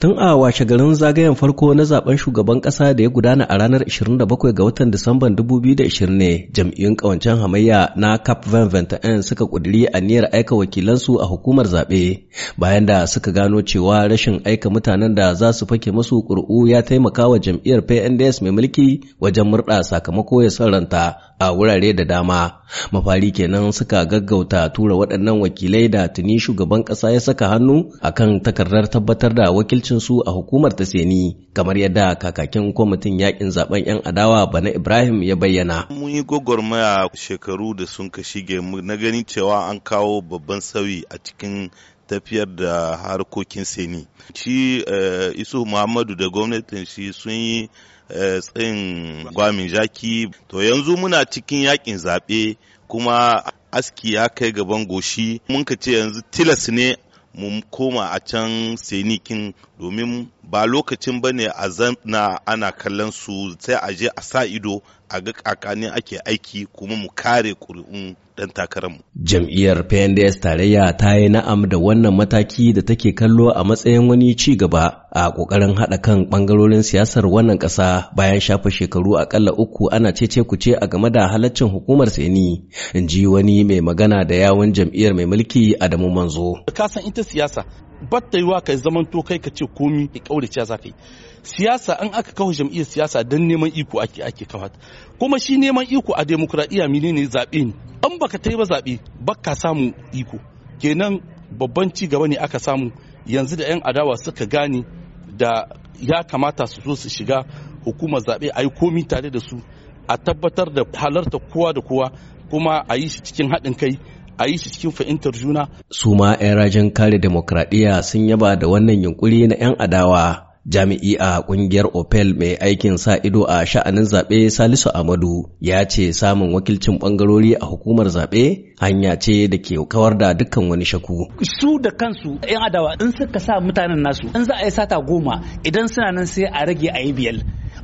Tun a washe garin zagayen farko na zaben shugaban ƙasa da ya gudana a ranar 27 ga watan Disamban 2020 ne jam'iyyun ƙawancen hamayya na CAP 2021 suka ƙudiri niyyar aika wakilansu a hukumar zaɓe bayan da suka gano cewa rashin aika mutanen da za su fake masu ƙuri'u ya taimaka wa jam'iyyar PNDS mai mulki wajen murɗa sakamako ya sarranta a wurare da dama. Mafari kenan suka gaggauta tura waɗannan wakilai da tuni shugaban ƙasa ya saka hannu akan takardar tabbatar da wakilci wakilcin su a hukumar ta seni kamar yadda kakakin kwamitin yakin zaben yan adawa bana Ibrahim ya bayyana. Mun yi gwagwarmaya shekaru da sun ka shige na ganin cewa an kawo babban sauyi a cikin tafiyar da harkokin seni. Shi eh, Isu Muhammadu da gwamnatin shi sun yi eh, tsayin gwamin jaki. To yanzu muna cikin yakin zaɓe kuma aski ya kai gaban goshi mun ka ce yanzu tilas ne mu koma a can senikin domin ba lokacin ba ne a zana ana kallon su sai a je a sa ido a ga kakani ake aiki kuma mu kare ƙuri'u ɗan takararmu. Jam'iyyar PNDS tarayya ta yi na'am da wannan mataki da take kallo a matsayin wani ci gaba a ƙoƙarin haɗa kan ɓangarorin siyasar wannan ƙasa bayan shafa shekaru aƙalla uku ana cece kuce a game da halaccin hukumar seni in ji wani mai magana da yawon jam'iyyar mai mulki Adamu Manzo. Ka san ita siyasa batta yiwa ka zaman to kai ka ce komi ka kaurace za ka yi siyasa an aka kawo jam'iyyar siyasa don neman iko ake ake kawo kuma shi neman iko a demokradiyya menene zaɓe ne an baka ta yi ba zaɓe baka samu iko kenan babban ci gaba ne aka samu yanzu da 'yan adawa suka gane da ya kamata su zo su shiga hukumar zaɓe a yi komi tare da su a tabbatar da halarta kowa da kowa kuma a yi shi cikin haɗin kai a yi shi cikin fahimtar juna. su ma 'yan rajin kare demokradiyya sun yaba da wannan yunkuri na 'yan adawa jami'i a kungiyar opel mai aikin sa ido a sha'anin zaɓe salisu amadu ya ce samun wakilcin bangarori a hukumar zaɓe hanya ce da ke kawar da dukkan wani shaku su da kansu yan adawa in suka sa mutanen nasu in za a yi sata goma idan suna nan sai a rage a yi biyar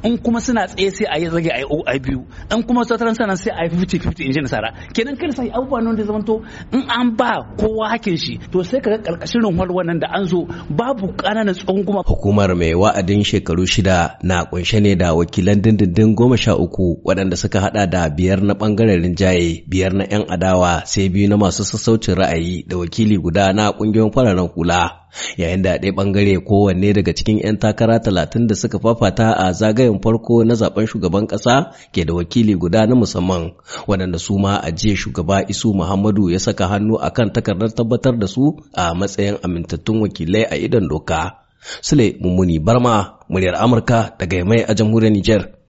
in kuma suna tsaye sai a yi zage a yi biyu in kuma sauran sanan sai a yi fifty-fifty in ji nasara kenan kan sai abubuwa nan da zamanto in an ba kowa hakin shi to sai ka ga karkashin runwar wannan da an zo babu ƙananan kuma. hukumar mai wa'adin shekaru shida na kunshe ne da wakilan dindindin goma sha uku waɗanda suka hada da biyar na ɓangaren rinjaye biyar na 'yan adawa sai biyu na masu sassaucin ra'ayi da wakili guda na ƙungiyoyin fararen kula yayin da a ɗaya ɓangare kowanne daga cikin 'yan takara talatin da suka fafata a zagayen farko na zaben shugaban ƙasa ke da wakili guda na musamman waɗanda su ma a jiya shugaba isu muhammadu ya saka hannu a kan takardar tabbatar da su a matsayin amintattun wakilai a idon doka sule mummuni barma muryar amurka daga mai a jamhuriyar Nijar.